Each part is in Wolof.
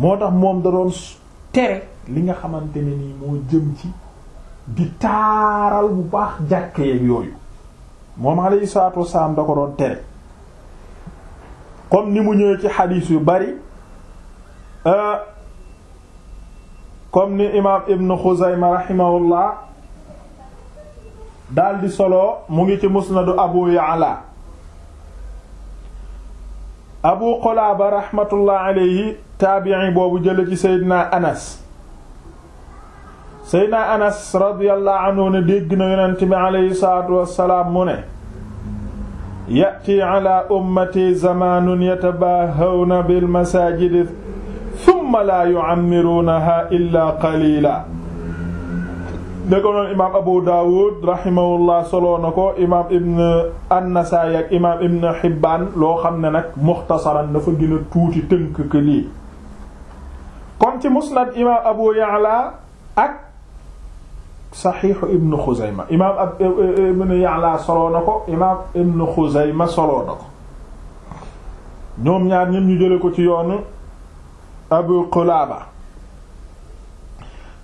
moo tax moom da doon tere li nga xamante ni nii moo jëm ci di taaral bu baax jàkke yooyu moom alayhi salaatu wasalaam da ko doon tere comme ni mu ñëwee ci xadiis yu bari euh, comme ni imaam ibn Xuzayma rahimahullah daal di solo mu ngi ci musnadu Abu Ya'la Abu Qulaba rahmatullah alayhi taabi'i boobu jële ci Seydina Anas Seydina Anas radiyallahu anhu ne dégg na yonent bi aleyhi salaatu wassalaam mu ne ya'ti ala ummati zamaanun yatabaahawna bil masaajidi thumma laa yu'ammiruunahaa illaa qaliila dëggo noon imaam Abu Daawud rahimahullah soloo na ko imaam Ibn An-Nasaa'i ak imaam Ibn Hibbaan loo xam ne nag muxtasaran dafa gën a tuuti tënk que lii kon ci musnad imaam Abu Ya'la ak saxiixu Ibn Xuzayma imaam ab e, e, e, Ibn Ya'la soloo na ko imaam Ibn Xuzayma soloo ko ñoom ñaar ñépp ñu jële ko ci yoonu Abu Qulaaba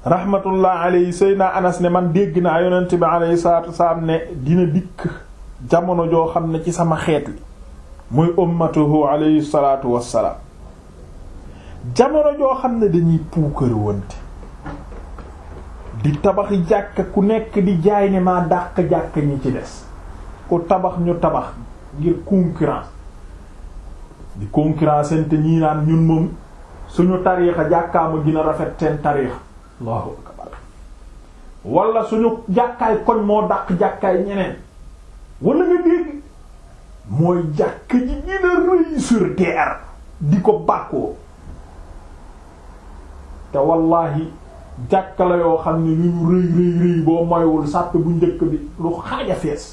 rahmatullah alayhi Seydina Anas ne man dégg naa yonent bi alayhi salaatu wasalaam ne dina dikk jamono joo xam ne ci sama xeet li muy ummatuhu alayhi salaatu wassalaam jamono joo xam ne dañuy puukari wante di tabaxi jàkka ku nekk di jaay ne maa dàq jàkka ñi ci des ku tabax ñu tabax ngir concurrence di concurrence seen ñii naan ñun moom suñu tariixa jàkkaama gën a rafet seen tariixa allahu suñu jàkkaay koñ moo dàq jàkkaay ñeneen wala nga dégg mooy jàkka ji gën rëy sur di ko bàkkoo te wallahi jàkka la yoo xam ne lu ñu rëy rëy rëy boo moywul sàppe bu njëkk bi lu xaaja fees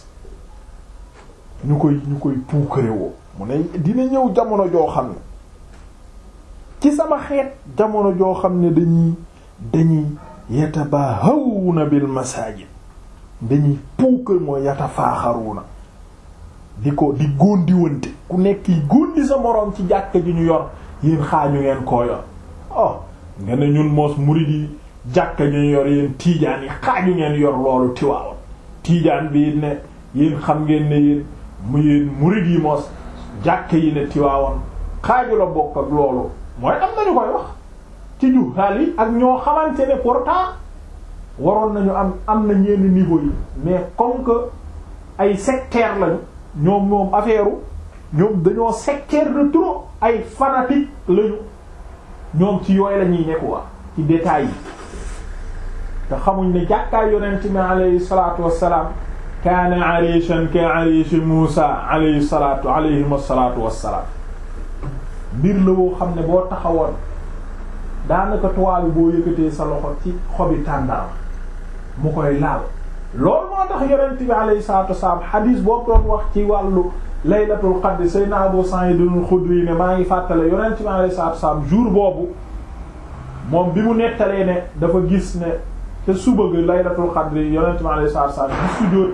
ñu koy ñu koy puukarewoo mu ne dina ñëw jamono joo xam ne ci sama xeet jamono joo xam ne dañuy dañuy yatabahawna bil masajid dañuy puukar mooy yatafaaxaruna di ko di góondiwante ku nekk yi góondi sa moroom ci jàkka ji ñu yor yéen xaañu ngeen koo yor oh. nga ne ñun moos murid yi jàkka ngeen yor yéen tiijaan yi xaaju ngeen yor loolu tiwaawoon tiijaan bi ne yéen xam ngeen ne yéen mu yéen murid yi moos jàkka yi ne tiwaawoon xaaju la bokk ak loolu mooy am nañu koy wax ci ñu xaal yi ak ñoo xamante ne pourtant waroon nañu am am na ñenn niveau yi mais comme que ay sectaire lañu ñoom ñoom affaire ñoom dañoo sectaire de trop ay fanatique lañu ñoom ci yooyu la ñuy nekk ci détails yi te xamuñ ne jàkkaay yonent mi alayhi salaatu wassalaam kaana arishan ka arishi Muusa alayhi salaatu alayhim asalaatu wassalaam mbir la woo xam ne boo taxawoon daanaka tuwaal boo yëkkatee sa loxo ci xobi tàndara mu koy laal loolu moo tax yonent alayhi salaatu wassalaam xadiis boobu doon wax ci wàllu laylatul qadr sayna Abu Sa'id al-Khudri ne maa ngi fàttale yonent bi alayhi salaatu salaam jour boobu moom bi mu nettalee ne dafa gis ne ca suba ga laylatul qadr yonent bi alayhi salaatu salaam di sujjóot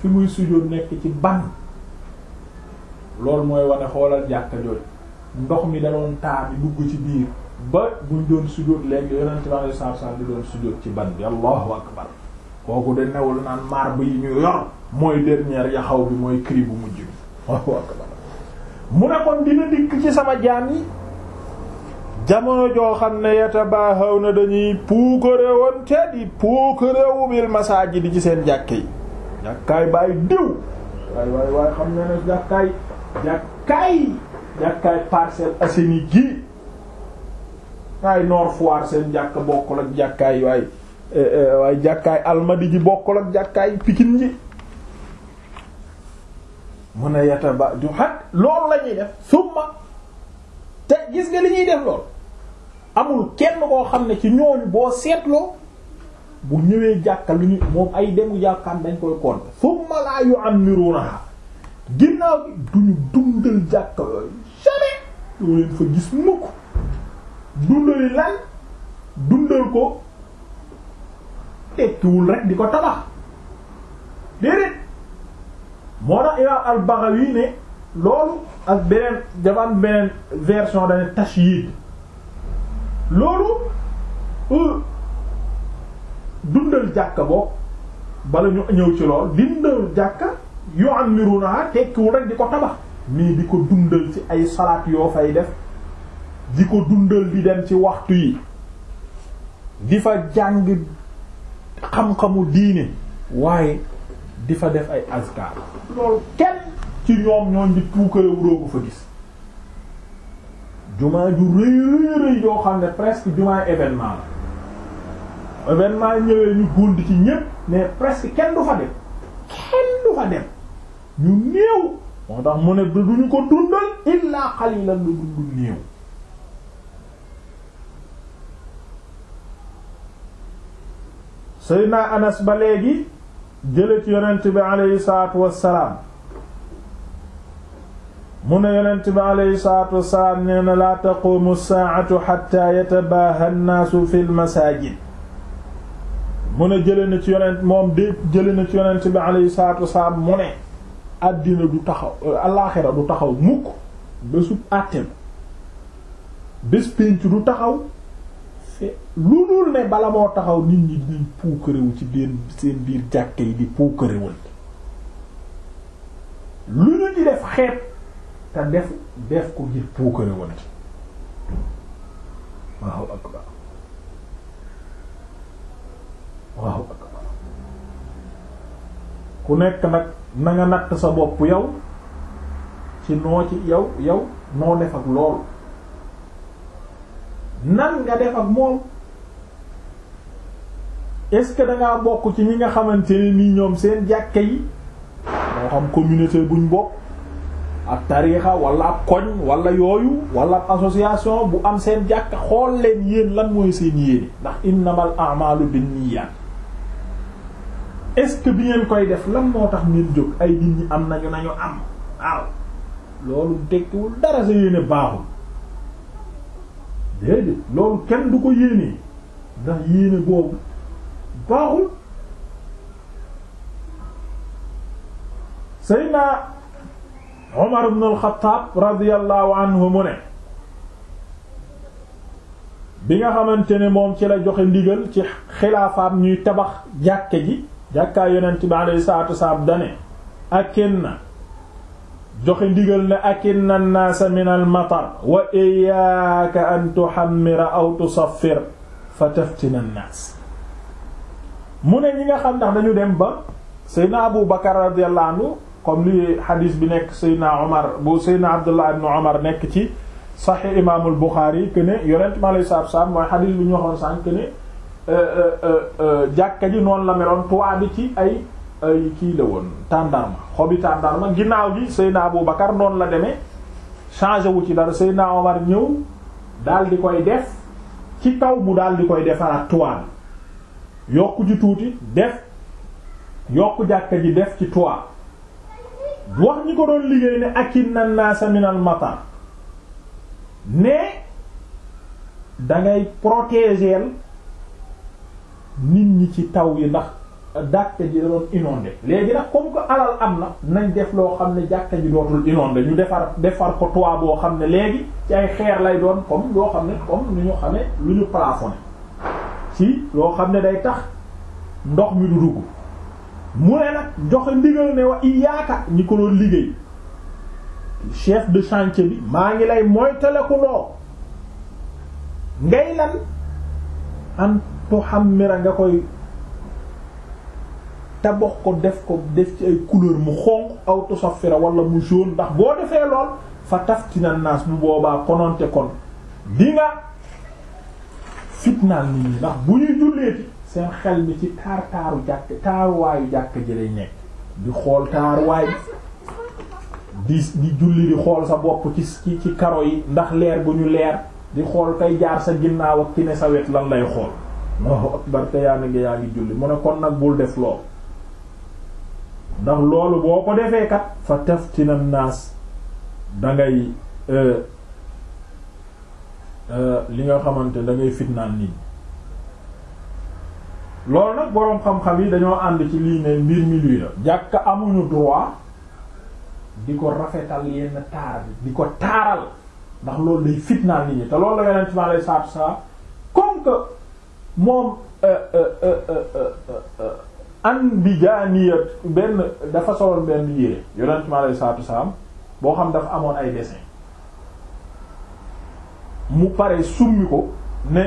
fi muy sujjóot nekk ci ban loolu mooy wane xoolal jàkka jooju ndox mi da doon taa bi dugg ci biir ba buñ doon sujjóot léegi yonent bi alayhi salaatu salaam di doon sujjóot ci ban bi allahu akbar kooku de newul naan marbre yi ñu yor mooy dernier yaxaw bi mooy cri bu waaw mu kon dina dikk ci sama jaam yi jamono joo xam ne yatabaahaw na dañuy puukareewoon di puukareewu bil masaajid di ci seen jàkke yi jàkkaay baay diw waay waay waay xam na jàkkaay jàkkaay jàkkaay Parcelles Assainies gi waay Nord Foire seen jàkk bokkul ak jàkkaay waay eh, eh, waay jàkkaay Almadies ji bokkul ak jàkkaay Pikine ji mu ne yata ba du xat loolu la ñuy def summa te gis nga li ñuy def lool amul kenn koo xam ne ci ñooñu boo seetloo bu ñëwee jàkka lu ñu moom ay demu jàkkaan dañ koy compter summa laa yu am nirunaha ginnaaw bi duñu dundal jàkka yooyu leen fa gis mukk dundali lan dundal ko tekkiwul rek di ko tabax déedéet moo tax imaam al-Baghawi ne loolu ak beneen jaman beneen version dane tashyid loolu euh, dundal jàkka boobu bala ñu ñëw ci lool dundal jàkka yoo am miru naa tekkiwul rek di ko tabax mais di ko dundal ci ay salaat yoo fay def di ko dundal di dem ci waxtu yi di fa jàng xam-xamu diine waaye di fa def ay azkar loolu kenn ci ñoom ñooñ di puukarewu doo fa gis jumaa ju rëy rëy rëy yoo xam ne presque jumaa événement la événement ñëwee ñu góndi ci ñépp mais presque kenn du fa dem kenn du fa dem ñu néew moo tax mu ne duñu ko dundal illaa xalilan lu dundu néew Seydina Anas ba léegi jële ci yonent bi aleyhi salaatu wassalaam mu ne yonent bi aleyhi salaatu wassalaam nee na laa taquumu saacatu xatta yatabaaha nnaasu fi lmasaajid mu ne jële na ci yonent moom de jële na ci yonent bi aleyhi wassalaam mu ne àddina du taxaw euh, alaaxira du taxaw mukk bésub àtte bés pénc du taxaw respect lu dul ne bala moo taxaw nit ñi dinañ puukarewu ci biir seen biir jàkke yi di puukarewul lu ñu di def xeet te def def ko ngir puukarewul waaw akbar waaw ku nekk nag na nag sa bopp yow ci noo ci yow yow noo def ak loolu nan nga def ak moom est ce dangaa bokk ci ñi nga xamante ne nii ñoom seen jàkke yi moo xam communauté buñ bokk ak tariixa wala ab koñ wala yooyu wala ab association bu am seen jàkk xool leen yéen lan mooy seen yéene ndax innamal a'malu binniyat est ce que bi ngeen koy def lan moo tax ngeen jóg ay nit ñi am nañu nañu am waaw loolu dekkiwul dara sa yéene baaxul déedéet loolu kenn du ko yéenee ndax yéene boobu baaxul Seydina Omar ibn al radiyallahu anhu mu ne bi nga xamante ne moom ci la joxe ndigal ci xilaafaam ñuy tabax jàkke ji jàkkaay yonent bi alayhi salaatu na joxe ndigal ne akinna naasa min al matar wa iyaaka an tuhammira aw tusaffir fa taftina naas mu ne ñi nga xam ndax dañu dem ba seydna abu bakar radiyallahu anhu comme li hadis bi nekk seydna omar bu seydna abdullah ibn omar nekk ci saxi imaamul buxaari que ne yonent ma lay saab saab mooy hadis bi ñu waxoon sànq que ne euh, euh, euh, jàkka ji noonu la meloon toit bi ci ay ay kii la woon tàndarma xobi tàndarma ginnaaw gi Seydina Abu Bakar noonu la deme changé wu ci dara Seydina Omar ñëw daal di koy def ci taw mu daal di koy defaraat toile yokk ci tuuti def yokk jàkka ji def ci toile wax ñi ko doon liggéey ne akinna naasa minal matar ne dangay protéger nit ñi ci taw yi ndax jàkka ji da doon léegi nag comme que alal am na nañ def loo xam ne jàkka ji dootul inondé ñu defar defar ko toit boo xam ne léegi ci ay xeer lay doon comme yoo xam ne comme lu ñu xamee lu ñu plafonné ci loo xam ne day tax ndox mi du dugg mu ne nag joxe ndigal ne wa iyaaka ñi ko doon liggéey chef de chantier bi maa ngi lay moytaleku loo ngay lan an tuhammira nga koy tabax ko def ko def ci ay couleur mu xonq aw tusafira wala mu jaune ndax boo defee lool fa taftina naas bu boobaa kononte kon di nga fitnaal nit ñi ndax bu ñuy julleeti seen xel mi ci taar taaru jàkk taaruwaayu jàkk ji lay nekk di xool taaruwaay di di julli di xool sa bopp ci ci karo yi ndax leer bu ñu leer di xool kay jaar sa ginnaaw ak ki ne sa wet lan lay xool Allahu akbar te yaa ngi yaa ngi julli mu ne kon nag bul def lool ndax loolu boo ko defee kat fa taftina naas dangay euh, euh, li nga xamante dangay fitnaan nit loolu nag boroom xam-xam yi dañoo ànd ci lii ne mbir mi luy la jàkk amuñu droit di ko rafetal yenn taar bi di ko taaral ndax loolu day fitnaan nit ñi te loolu la yeneen ci lay saatu saa comme moom euh, an bi jaaniya benn dafa soloon benn yére yonent ma alayhi salaatu salaam boo xam dafa amoon ay dessin mu pare summi ko ne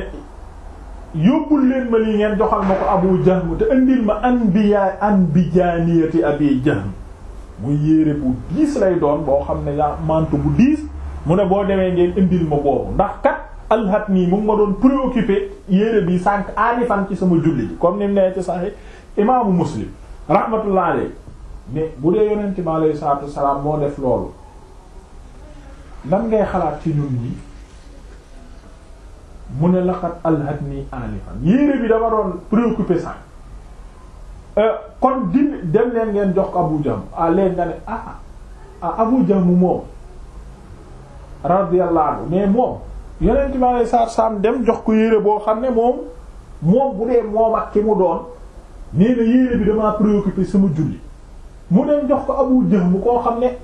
yóbbul leen ma li ngeen joxal ma ko Abu Jahm te indil ma an bi yaa an bi jaaniyati Abi Jahm mu yére bu diis lay doon boo xam ne yaa mantu bu diis mu ne boo demee ngeen indi ma boobu ndax kat alhat nii mu ma doon préoccupé yére bi sànq aani fan ci sama julli ji comme ni mu nee ci saxi imaamu muslim rahmatullah alayhi mais bu dee yonent bi alayhi salaatu moo def loolu lan ngay xalaat ci ñun ñi mu ne laqad alhatni anifan yéere bi dama doon préoccupé sax euh, kon din dem leen ngeen jox ko Abu Jahm ah léegi nga ne ah ah Abu Jahm moom radiyallahu anhu mais moom yonent bi alayhi salaatu dem jox ko yére boo xam ne moom moom bu dee moom ak ki mu doon nee na yéene bi damaa préoccupé sama julli mu dem jox ko Abu Jahm mu koo xam ne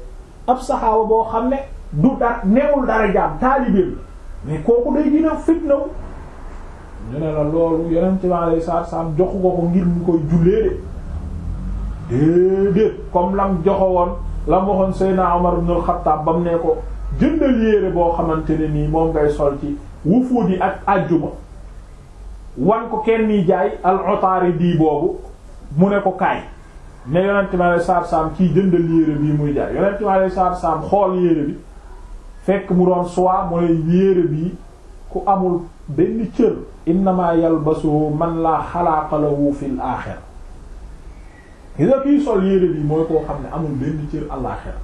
ab saxaaba boo xam ne du dara newul dara jaam taalibe mais kooku day gën a fitnaw ñu ne la loolu yeneen ci maa lay saar saam joxu ko ko ngir mu koy jullee de déedéet comme lam joxo woon lam waxoon Seydina Omar ibn al-Khattab ba mu ne ko jëndal yére boo xamante ne nii moom ngay sol ci wufuut yi ak àjjuma wan ko kenn nii jaay al Utaaridi boobu mu ne ko kaay ne yonent mi alayhi salaatu salaam kii jëndal yére bii muy jaay yonent mi alayhi salaatu xool yére bi fekk mu doon soie mu ne yére bii ku amul benn cër innamaa yalbasu man laa xalaaqa lahu fil aaxira nga kiy sol yére bii mooy koo xam ne amul benn cër alaaxira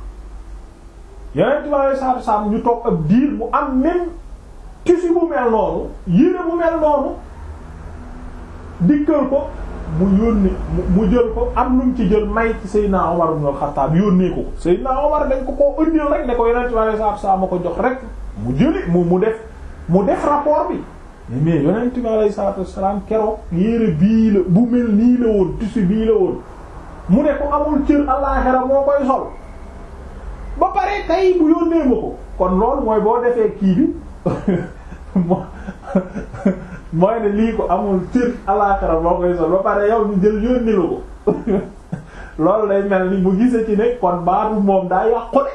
yonent mi alayhi salaatu ñu toog ab diir mu am même tissu bu mel noonu yére bu mel noonu dikkal ko mu yónni mu jël ko am lu mu ci jël may ci Seydina Omar ibn al-Khattab yónnee ko ko Seydina Omar dañ ko koo ëndil rek ne ko yonent bi sallallahu alayhi wasallam ma ko jox rek mu jëli mu mu def mu def rapport bi mais yonent bi sallallahu alayhi keroog yére bii la bu mel nii la woon tissu bii la woon mu ne ko amul cër àllaxira moo koy sol ba pare tey bu yónnee ma ko kon loolu mooy boo defee kii bi mooy ne lii ko amul tir alaakara boo koy sol ba pare yow ñu jël yónni la ko loolu day mel ni bu gisee ci ne kon baatu moom daa yàqu de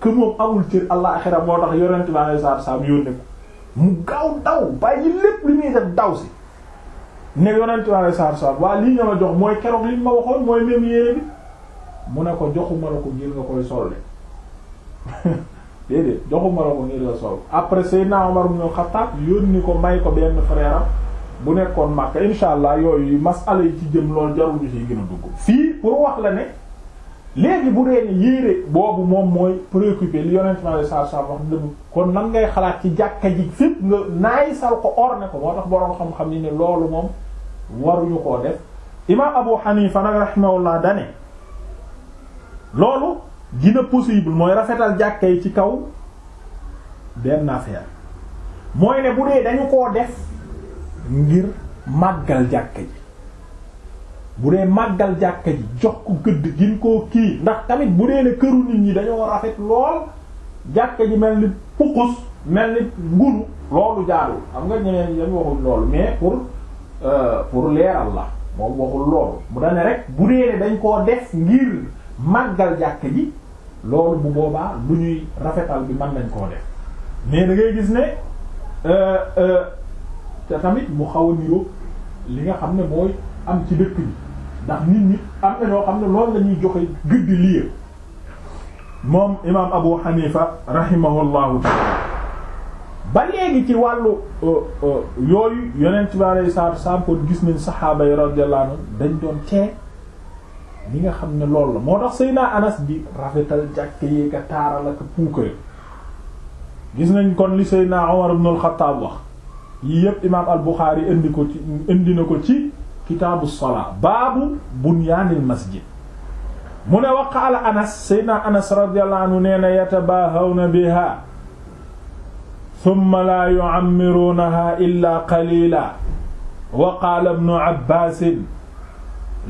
que moom amul tir alaakara moo tax yonent bi alayhi salaatu salaam yónni ko mu gaaw daw bàyyi lépp li muy def daw si ne yonent bi alayhi salaatu salaam waa lii nga ma jox mooy keroog li ma waxoon mooy même yére bi mu ne ko joxuma la ko ngir nga koy solle déedéet joxuma la ko ngir la sol après Seydina Omar ibn Khattab yónni ko may ko benn frère bu nekkoon Makka insha allah yooyu masala yi ci jëm loolu jarul ñu ci gën a fii pour wax la ne léegi bu dee ni yéere boobu moom mooy préoccupé li yonent ma la saa saa wax dëgg kon nan ngay xalaat ci jàkka ji fépp nga naay sal ko orne ko moo tax boroom xam-xam ni ne loolu moom waruñu koo def imaam Abu Hanifa nag rahimahullah dane loolu dina possible mooy rafetal jàkka yi ci kaw benn affaire mooy ne bu dee dañu koo def ngir màggal jàkka ji bu dee màggal jàkka ji jox ko gëdd gin koo kii ndax tamit bu dee ne këru nit ñi dañoo rafet lool jàkka ji mel ni pukus mel ni ngunu loolu jaarul xam nga ñeneen ñi dañu waxul loolu mais pour euh, pour leeral la moom waxul loolu mu dane rek bu dee ne dañ koo def ngir màggal jàkk ji loolu bu boobaa lu ñuy rafetal bi man nañ koo def mais dangay gis ne euh, euh, te tamit mu xaw a niroo li nga xam ne mooy am ci dëkk bi ndax nit ñi am na ñoo xam ne loolu lañuy ñuy joxe gëdd lii moom imaam Abu Hanifa rahimahullahu ta'ala ba léegi ci wàllu euh, yooyu yonent bi alayhi salaatu wa salaam kon gis nañ saxaaba yi radiyallahu dañ doon tee li nga xam ne loolu la moo tax Seydina Anas di rafetal jàkk yi ka taaral ak puukare gis nañ kon li Seydina Umar ibn al wax yii yépp imaam al indi ko ci indi na ko ci kitaabu salaa baabu bunyaanil masjid mu ne wa qaala Anas Seydina Anas radiyallahu anhu nee na biha thumma la yu'ammirunaha illa qalila wa qaala ibnu Abbaasin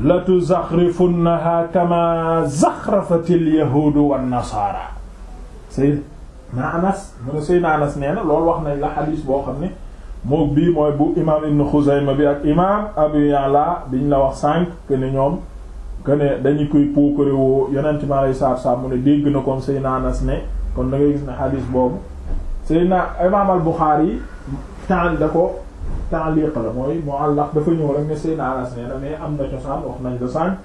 latuzaxrifunnaha kama zaxrafatil yahuudu wan nasaara Seydina Anas mu ne Seydina Anas nee na loolu wax nañ la xadiis boo xam ne moom bi mooy bu imaam Ibn Xuzayma bi ak imaam Abu Ya'la biñ la wax sànq que ñoom que ne dañu koy puukare woo Yonent mi alayhi salaatu salaam mu ne dégg na kon Seydina Anas ne kon da ngay gis ne xadiis boobu Seydina imaam al Buxaari yi temps da ko. ta'liq la mooy mu'allaq dafa ñëw rek ne Seydina Anas nee na mais am na cosaan wax nañ la sànq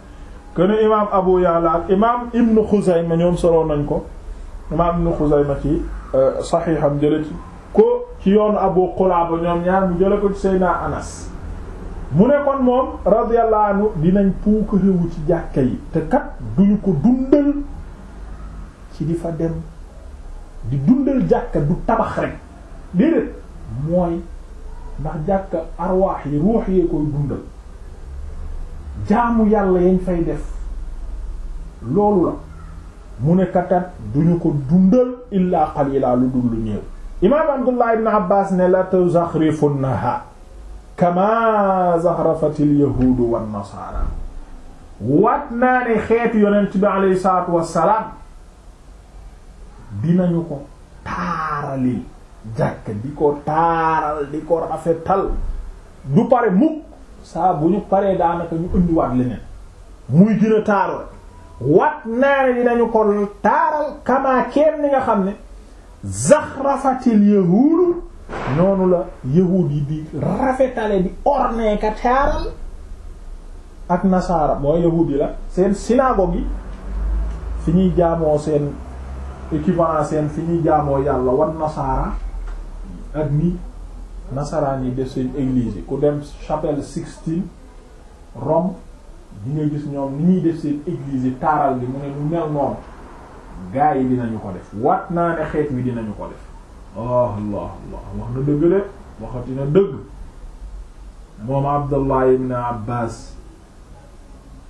kuene imam Abu Ya'la ak imam Ibn ñoom soloon nañ ko imam Ibn Khuzayma ci euh, saxiixam jële ci ko ci yoon Abu Qulaba ñoom ñaar mu jële ko ci Seydina Anas mu ne kon moom radiyallahu anhu dinañ puukarewu ci jàkka yi te kat duñu ko dundal ci di fa dem di dundal jàkka du tabax rek déedéet mooy ndax jàkka arwaax yi ruux yee koy dundal jaamu yàlla yañ fay def loolu la mu ne katat duñu ko dundal illaa qalila lu dul lu néew imaam abdullah ibn abbas ne la tuzaxrifunnaha kama zaxrafatil yahuudu wan nasaara waat naa ne xeetu yonent bi alayhi salaatu wassalaam dinañu ko taaralil jàkk di ko taaral di ko rafetal du pare mukk saa bu ñu paree daanaka ñu indiwaat leneen muy gën a taaru rek wat naa ne dinañu ko taaral kamaa kenn nga xam ne zaxrafatil yahuudu noonu la yahuud yi di rafetale di ornee ka taaral ak nasaara mooy yahuud yi la seen synagogue yi fi ñuy jaamoo seen équivalent fi ñuy jaamoo yàlla wan nasaara ak ni nasaraan yi def seen église yi ku dem chapelle Sixtine Rome di nga gis ñoom ni ñuy def seen église yi taaral bi mu ne mu mel noonu gaa yi dinañu ko def waat naa ne xeet wi dinañu ko def allah allah allah wax na dëgg de waxati na dëgg moom Abdullah ibn Abbas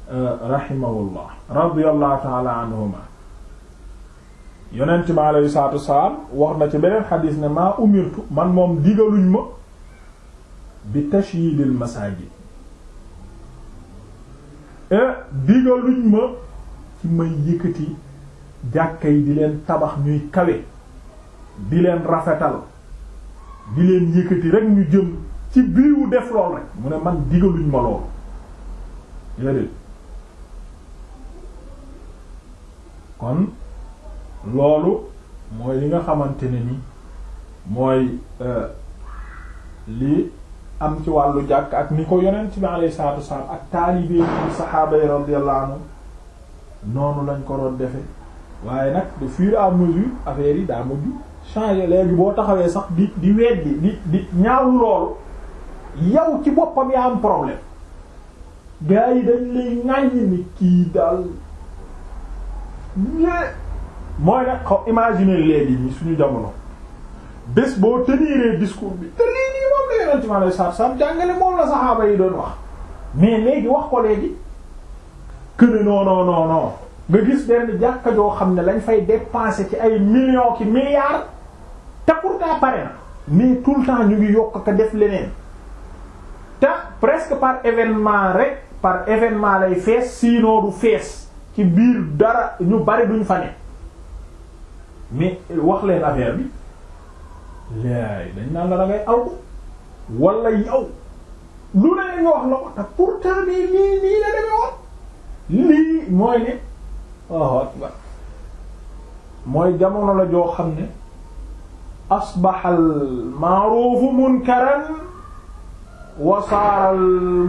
eh, rahimahullah radiyallahu ta'ala anhuma yonent mi yu salaatu wasalaam wax na ci beneen xadiis ne maa umirtu man moom digaluñ ma bi tashyidil masaajid eh, digaluñ ma ci may yëkkati jàkka yi di leen tabax ñuy kawe di leen rafetal di leen yëkkati rek ñu jëm ci biiru def lool rek mu ne man digaluñ ma lool yédéet kon loolu mooy li nga xamante ne ni mooy euh, li am ci wàllu jàkk ak ni ko yonent bi alayhi salaatu wassalaam ak taalibe saxaaba yi radiyallahu anhu noonu lañ ko doon defe waaye nag de fur et à yi daa mujj changer léegi boo taxawee sax di di weddi di di ñaaw loolu yow ci boppam yaa am problème gars yi dañ lay ŋàññi ni kii daal ñe mooy nag xaw imaginer léegi ñi suñu jamono bés boo teniree discours bi te lii nii moom la yonent bi alayhi salaatu salaam jàngale moom la saxaaba yi doon wax mais léegi wax ko léegi que ne non non non non nga gis benn jàkka joo xam ne lañ fay dépenser ci ay millions ki milliards te pourtant pare na mais tout le temps ñu ngi yokk ka def leneen te presque par événement rek par événement lay fees sinon du fees ci biir dara ñu bari duñ fa ne mais wax leen affaire bi laay dañ naan la da ngay aw wala yow lu ne nga wax la ko te pourtant nii nii nii la demee woon lii mooy ne waaw mooy jamono la joo xam ne asbaxal maaruufu munkaran wa saaral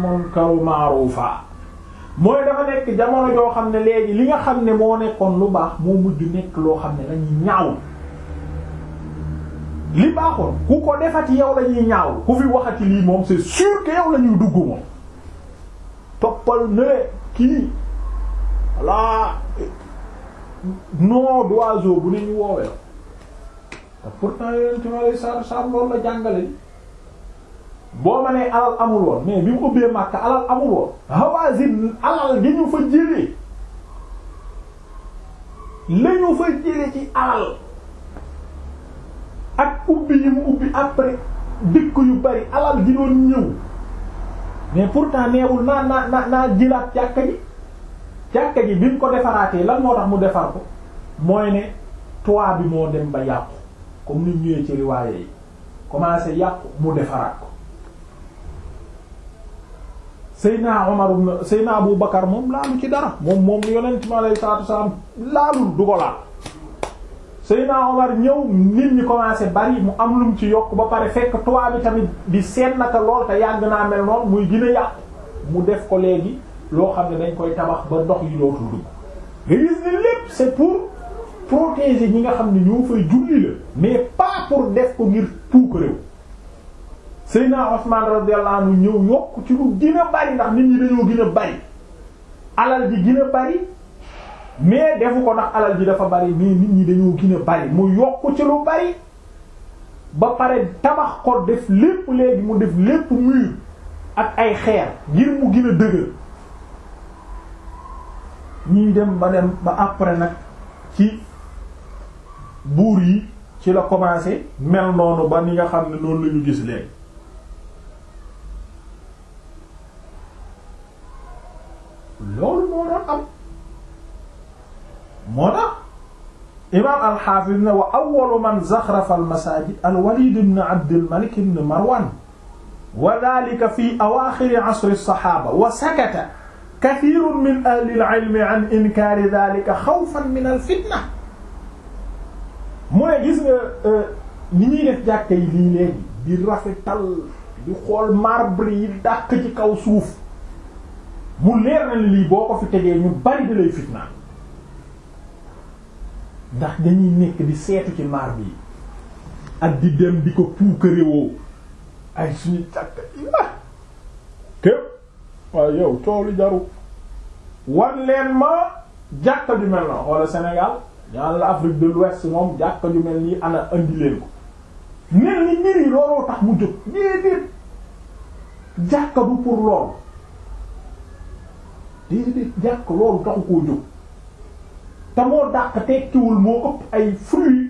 munkaru maaruufa mooy dafa nekk jamono joo xam ne léegi li nga xam ne moo nekkoon lu baax moo mujj nekk loo xam ne dañuy ñaaw li baaxoon ku ko defati yow lañuy ñaaw ku fi waxati lii moom c'est sûr que yow la dugg moom toppal ne kii voilà nom d'oiseau bu ne ñu woowee la te pourtant yonentu Yàlla sallallahu alayhi wasallam loolu la jàngale boo ma nee alal amul woon mais bi mu ubbee Makka alal amul woon alal gi ñu fa jëlee la fa jëlee ci alal ak ubbi yi mu ubbi après dëkk yu bari alal gi doon ñëw mais pourtant neewul naa naa naa naa jëlaat jàkka ji jàkka ji bi mu ko defaraatee lan moo tax mu defar ko mooy ne toit bi moo dem ba yàqu comme ni ñëwee ci riwaaye yi commencé yàqu mu defaraat ko Seyna Omar ibn Seyna Abu Bakar moom laalu ci dara moom moom yonent mi alayhi salaatu salaam laalul du ko laal Seyna Omar ñëw nit ñi commencé bari mu am lum ci yokk ba pare fekk toit tamit di seen naka lool te yàgg naa mel noonu muy gën yàqu mu def ko léegi loo xam ne dañ koy tabax ba ndox yi dootul dugg nga gis lépp c'est pour protéger ñi nga xam ne ñoo fay julli la mais pas pour def ko ngir puuk réew Seydina Usman radiyallahu anhu ñëw yokk ci lu gën a bari ndax nit ñi dañoo gën bari alal ji gën bari mais defu ko nag alal ji dafa bari mais nit ñi dañoo gën a bari mu yokk ci lu bari ba pare tabax ko def lépp léegi mu def lépp mur ak ay xeer ngir mu gën dëgër ñuy dem ba dem ba après nag ci buur yi ci la commencé mel noonu ba ni nga xam ne noonu la ñu gis léegi loolu moo doon am moo tax imaam alxaafis ne wa awwalu man zaxrafa almasaajid alwaliid ibn abdulmalik ibn marwan wa daalika fi awaaxiri asri saxaaba wa sakata kasiirun min ahli al-ilmi an inkaari daalika xawfan min alfitna mu ne gis nga euh, ni ñuy def jàkka yi lii léegi di rafetal di xool marbre yi dàq ci kaw suuf mu leer lii boo ko fi tegee ñu bari da lay fitnaan ndax dañuy nekk di seetu ci maar bi ak di dem di ko puukarewoo ay suñu càkk ah képp waaye yow toolu jaru wan leen ma jàkka ju mel na wala Sénégal yàlla Afrique de l'Ouest moom jàkka ju mel nii ana andi ko mel ni mbir yi looloo tax mu jóg déedéet jàkka bu pour lool déedéet jàkk loolu taxu koo jóg te moo dàq tekkiwul moo ay fruits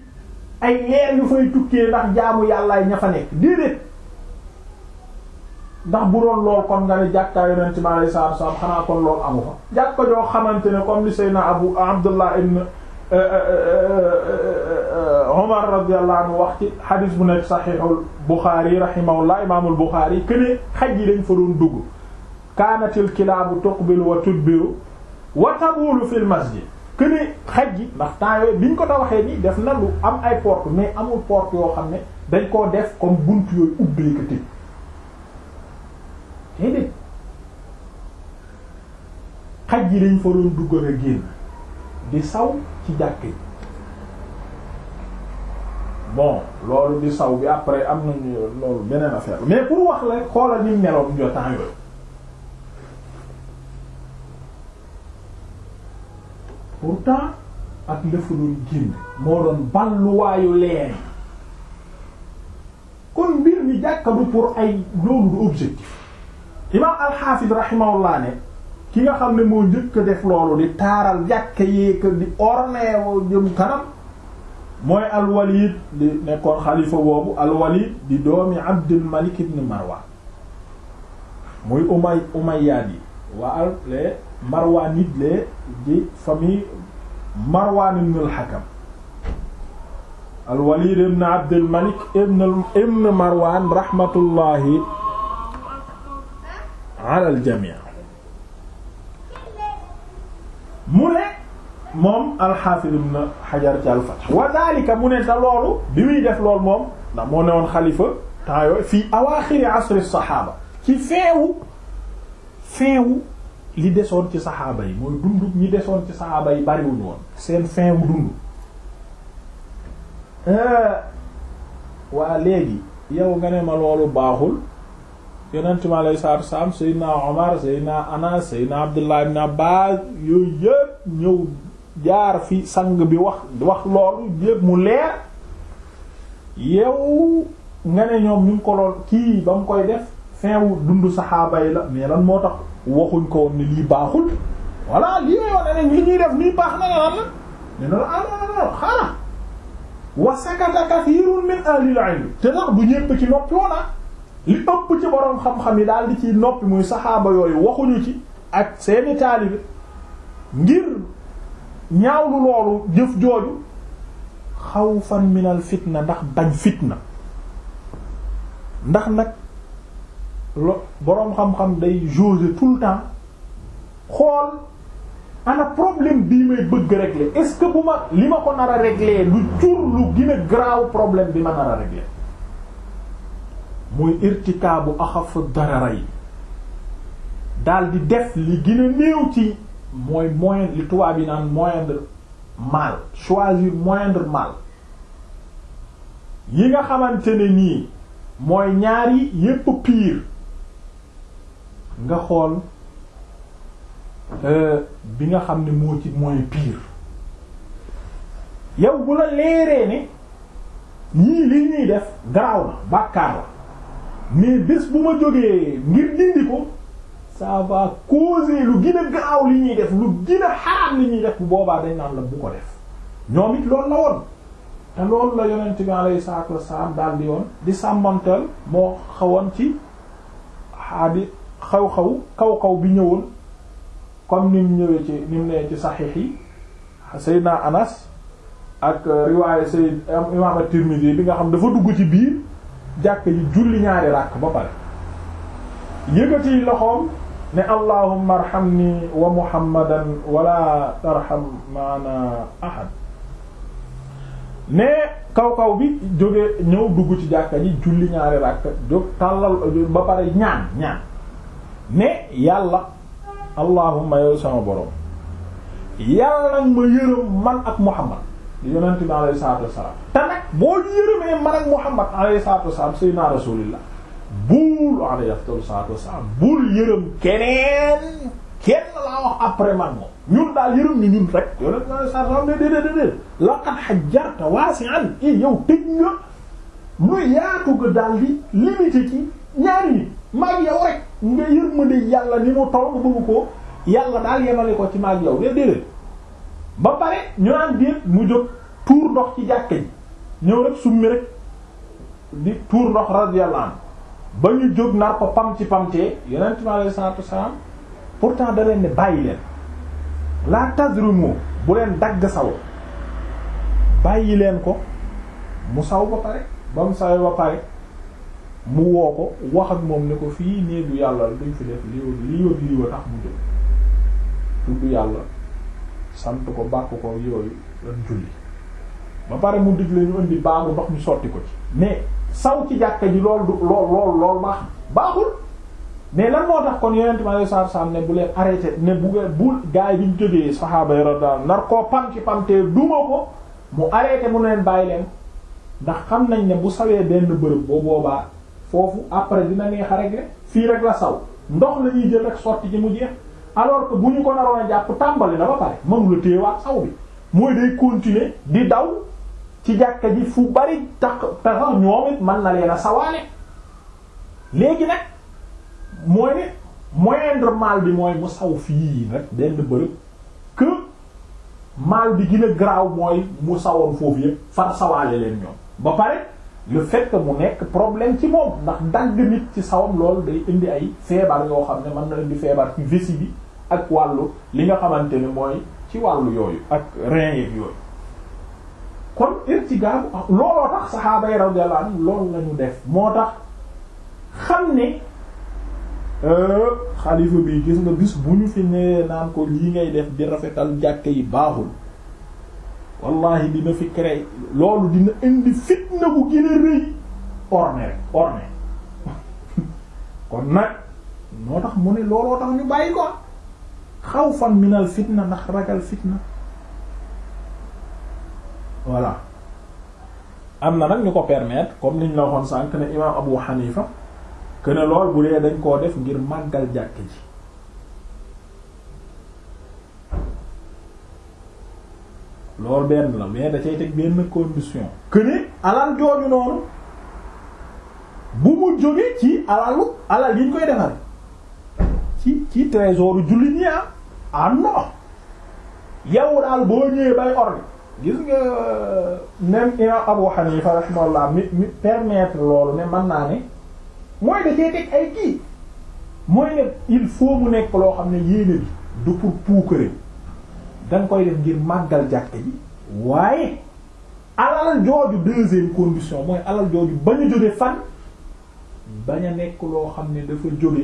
ay leer yu fay tukkee ndax jaamu yàllaay ña fa nekk ndax bu doon lool kon nga ne jàkkaa yonent mi alayhi salaam xanaa kon loolu amu fa jàkk joo xamante ne comme li Seydina Abu Abdullah ibn euh, euh, euh, Omar radiyallahu anhu wax ci xadiis bu nekk saxiixul Buxaari rahimahullah imaamul Buxaari këne xaj yi dañ fa doon dugg kaanatil kilaabu tuqbilu wa tudbiru wa tabuulu fil masjid këne xaj gi ndax temps yooyu bi ñu ko da waxee nii def na lu am ay porte mais amul porte yoo xam ne dañ koo def comme bunt yooyu ubbee ko tëj tey de xaj yi dañ fa doon dugg a génn di saw ci jàkk yi bon loolu di saw bi après am nañu loolu beneen affaire mais pour wax la xoolal ni meloon jo temps yooyu pourtant ak lëfa doon génn moo doon balluwaayu leer kon mbir mi jàkka pour ay loolu du objectif imaam alxaafis rahimahullah ne ki nga xam ne moo njëkk a def loolu di taaral jàkka yeeka di orneewo jëm kanam mooy alwalid di nekkoon xalifa boobu alwalid di doomi abdul malik ibn marwan muy umay umayyaad yi waa al Marwaan it lee di famille Marwaan ibn al-Hakam al-Walid ibn Abdul Malik ibn ibn Marwaan rahmatullahi ala al-jamii mu ne moom al-Hafiz ibn Hajar ci al-Fath wa dhalika mu ne te loolu bi muy def loolu moom ndax moo ne woon xalifa temps yooyu fii awaaxiri asri saxaaba ci feewu feewu li desoon ci saxaaba yi mooy dundu ñi desoon ci saxaaba yi bariwuñu woon seen fin wu dund euh, waa léegi yow nga ne ma loolu baaxul yonent mi alayhi salaatu salaam Seydina Omar Seydina Anas Seydina Abdullah ibn Abbas yooyu yëpp ñëw jaar fi sang bi wax wax loolu yëpp mu leer yow nga ne ñoom ñu ngi ko lool kii ba mu koy def fin wu dund saxaaba yi la mais lan moo tax waxuñ ko woon ne lii baaxul voilà lii may wax ne li ñuy def nii baax na nga am ne noonu ah non xaaral wa sakata kathirun min ahlil ilm te nag du ñépp ci noppi woon ah. li ëpp ci borom xam-xam yi daal di ci noppi muy saxaaba yooyu waxuñu ci ak seeni taalibe ngir ñaawlu loolu jëf jooju xawfan minal fitna ndax bañ fitna ndax nag boroom xam-xam day jauger tout le temps xool ana problème bii may bëgg régler est-ce que bu ma li ma ko nar a régler lu jur lu gën a problème bi ma nar a régler mooy irtikaabu axaf darara yi daal di def li gën néew ci mooy moyen li tubaab yi naan moindre mal choisir moindre mal yi nga xamante ne nii mooy ñaari yépp pire nga xool euh, bi nga xam ne moo ci mooy piir yow bu la leeree ni ñii lii ñuy def garaaw na bàkkaar la mais bés bu ma jógee ngir dindi ko ça va causer lu gën a li ñuy def lu gën a li ñuy def boobaa dañ naan la bu ko def ñoom it loolu la woon te loolu la yonent bi alayhi salaatu wassalaam daal di woon di sàmmanteel moo xawoon ci xaadi xaw-xaw kaw-kaw bi ñëwul kon ni mu ñëwee ci ni mu nee ci saxiix yi Seydina Anas ak euh, riwaaye Seyd imaam at bi nga xam dafa dugg ci biir jàkk yi julli ñaari ràkk ba pare yëkkati loxoom ne allahumma arhamni wa muhammadan wala tarham maana ahad ne kaw-kaw bi jóge ñëw dugg ci jàkka ji julli ñaari ràkk jóg tàllal ba pare ñaan ñaan ne yàlla allahumma yow sama borom yàlla nag ma yërëm man ak muhammad di yonent bi alayhi salaatu wassalaam te nag boo yërëmee man ak muhammad alayhi salaatu wassalaam sayyidina rasulillah bul alayhi salaatu wassalaam bul yërëm keneen kenn laa wax après man moom ñun daal yërëm ni ñun rek yonent bi alayhi salaatu wassalaam ne déedéet déedéet laqad hajjarta waasi'an i yow tëj nga lu yaatu ga daal di limité ci ñaari maag yow rek nga yërmande yàlla ni mu toll nga bëgg ko yàlla daal yemale ko ci maag yow de déedéet ba pare ñu naan déet mu jóg tuur ndox ci jàkka ji ñëw rek summi rek di tuur ndox radiyallahu ba ñu jóg nar ko pam ci pamtee yonent bi alayhi salaatu wasalaam pourtant da leen bàyyi leen la tadrumo bu leen dagg saw bàyyi leen ko mu saw ba pare ba mu sawee ba pare mu woo ko wax ak moom ne ko fii néegu yàlla la duñ fi def lii lii wëgg tax mu jóg tudd yàlla sant ko bàkk ko yooyu lan julli ba pare mu dig la ñu indi baagu ndox ñu sotti ko ci mais saw ci jàkka ji lool du lool lool lool baax baaxul mais lan moo tax kon yeneen ma sar sam ne bu leen arrêté ne bu ngeen bu gaay bi ñu jógee saxaaba yi radiyallahu nar koo pam ci pamtee duma ko mu arrêté mu leen bàyyi leen ndax xam nañ ne bu sawee benn bërëb boo boobaa foofu après dina neex a régler fii rek la saw ndox la ñuy jël rek sotti ci mu jeex alors que bu ñu ko naroon a jàpp tàmbali na ba pare mënu la téyewaat saw bi mooy day continuer di daw ci jàkka ji fu bari tax te sax ñoom it mën na leen a sawaale léegi nag mooy ne moindre mal bi mooy mu saw fii rek benn bërëb que mal bi gën a garaaw mooy mu sawoon foofu yëpp far sawaale leen ñoom ba pare le fait mu nekk problème ci moom ndax dagg nit ci sawam lool day indi ay feebar yoo xam ne mën na indi feebar ci vessie bi ak wàllu li nga xamante ni mooy ci wàllu yooyu ak rein yeeg yooyu kon irtigaab looloo tax saxaaba yi radiyallahu anhum def moo tax xam ne euh, xalifa bi gis nga bis bu ñu fi nee naan ko lii ngay def di rafetal jàkke yi baaxul wallahi dina fi créer loolu dina indi fitna bu gën a rëy orne orne kon nag noo tax mu ne looloo tax ñu bàyyi ko xaw fan minal fitna ndax ragal fitna voilà am na nag ñu ko permettre comme niñ la waxoon sànq ne imaam Abu Hanifa que ne lool bu dee dañ koo def ngir màggal jàkk ji lool benn la mais da cay teg benn condition que ne alal jooju noonu bu mu jógee ci alalu alal yi ñu koy defare ci ci trésoru jullit ñi ah ah non yow daal boo ñëwee bay orbi gis nga euh, même imam Abu Hanifa rahimahullah mi mi permettre loolu ne mën naa ne mooy da cay teg ay kii mooy ne il faut mu nekk loo xam ne yéene bi du pour puukare danga koy def ngir màggal jàkk ji waaye alal jooju deuxième condition mooy alal jooju bañ a jóge fan bañ a nekk loo xam ne dafa jóge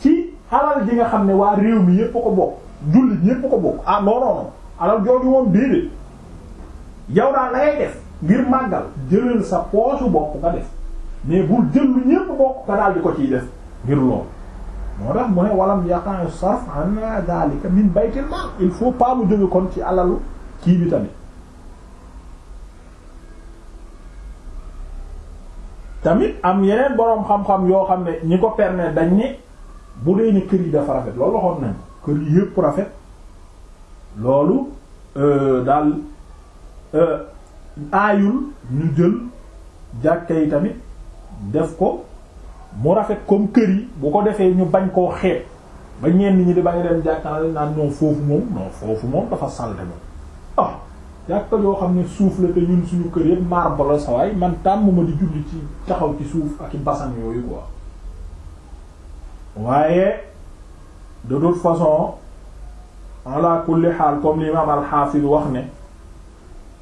ci alal ji nga xam ne waa réew mi yépp ko bokk jullit ñépp ko bokk ah non non non alal jooju moom déedéet yow daal la ngay def ngir màggal jëlal sa poche bokk nga def mais bul jël lu ñépp bokk nga daal ko ciy def ngir loolu moo tax mu ne walam yaqan sarf an daalika min baytil maal il faut pas mu jóge kon ci alalu kii bi tamit tamit am yeneen boroom xam-xam yoo xam ne ñi ko permettre dañ ne bu dee ne kër yi dafa rafet loolu waxoon nañ kër yi yëpp rafet loolu euh, daal euh, aayul ñu jël jàkka yi tamit def ko mu rafet comme kër yi bu ko defee ñu bañ koo xeeb ba ñenn ñi di bañ dem jàkkaarloo naan ñoom foofu moom non foofu moom dafa salte moom ah yoo xam ne suuf la te ñun suñu kër yëpp marbre la sawaay man tàmm ma di julli ci taxaw ci suuf ak i basan yooyu quoi waaye de toute façon ala kulli xaal comme l'imam al-Hafiz wax ne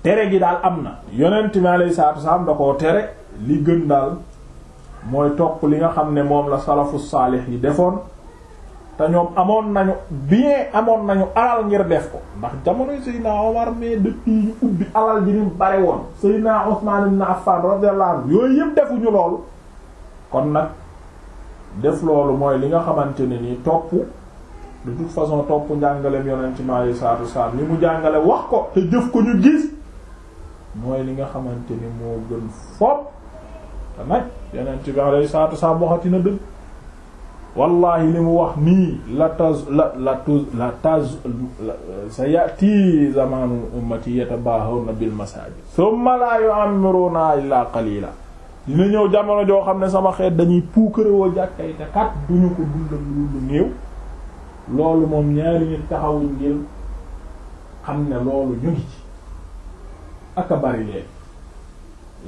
tere gi daal am na yonent mi alayhi salaatu wa salaam tere li gën daal. mooy topp li nga xam ne moom la salafu saalix yi defoon te ñoom amoon nañu bien amoon nañu alal ngir def ko ndax jamonoy Seydina Omar mais depuis ñu ubbi alal ji ni bare woon Seydina Usmaan ibn Affan radiyallahu anhu yooyu yëpp defuñu loolu kon nag def loolu mooy li nga xamante ne nii topp de toute façon topp njàngaleem yonent mi alayhi salaatu li mu jàngale wax ko te jëf ko ñu gis mooy li nga xamante ni moo gën fopp te nag yonent bi alayhi salaatu wasalaam waxati na dëgg wallahi li mu wax nii la taz la la taz la taz sa yati zamanu ummati yatabahawna bil masajid thumma la yu'ammiruna illa qalila dina ñëw jamono joo xam ne sama xeet dañuy puukarewoo jàkkay te kat duñu ko dundal lu néew loolu moom ñaari nit taxawuñ ngir xam ne loolu ñu ngi ci ak bari leen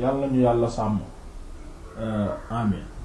yàlla ñu yàlla sàmm amin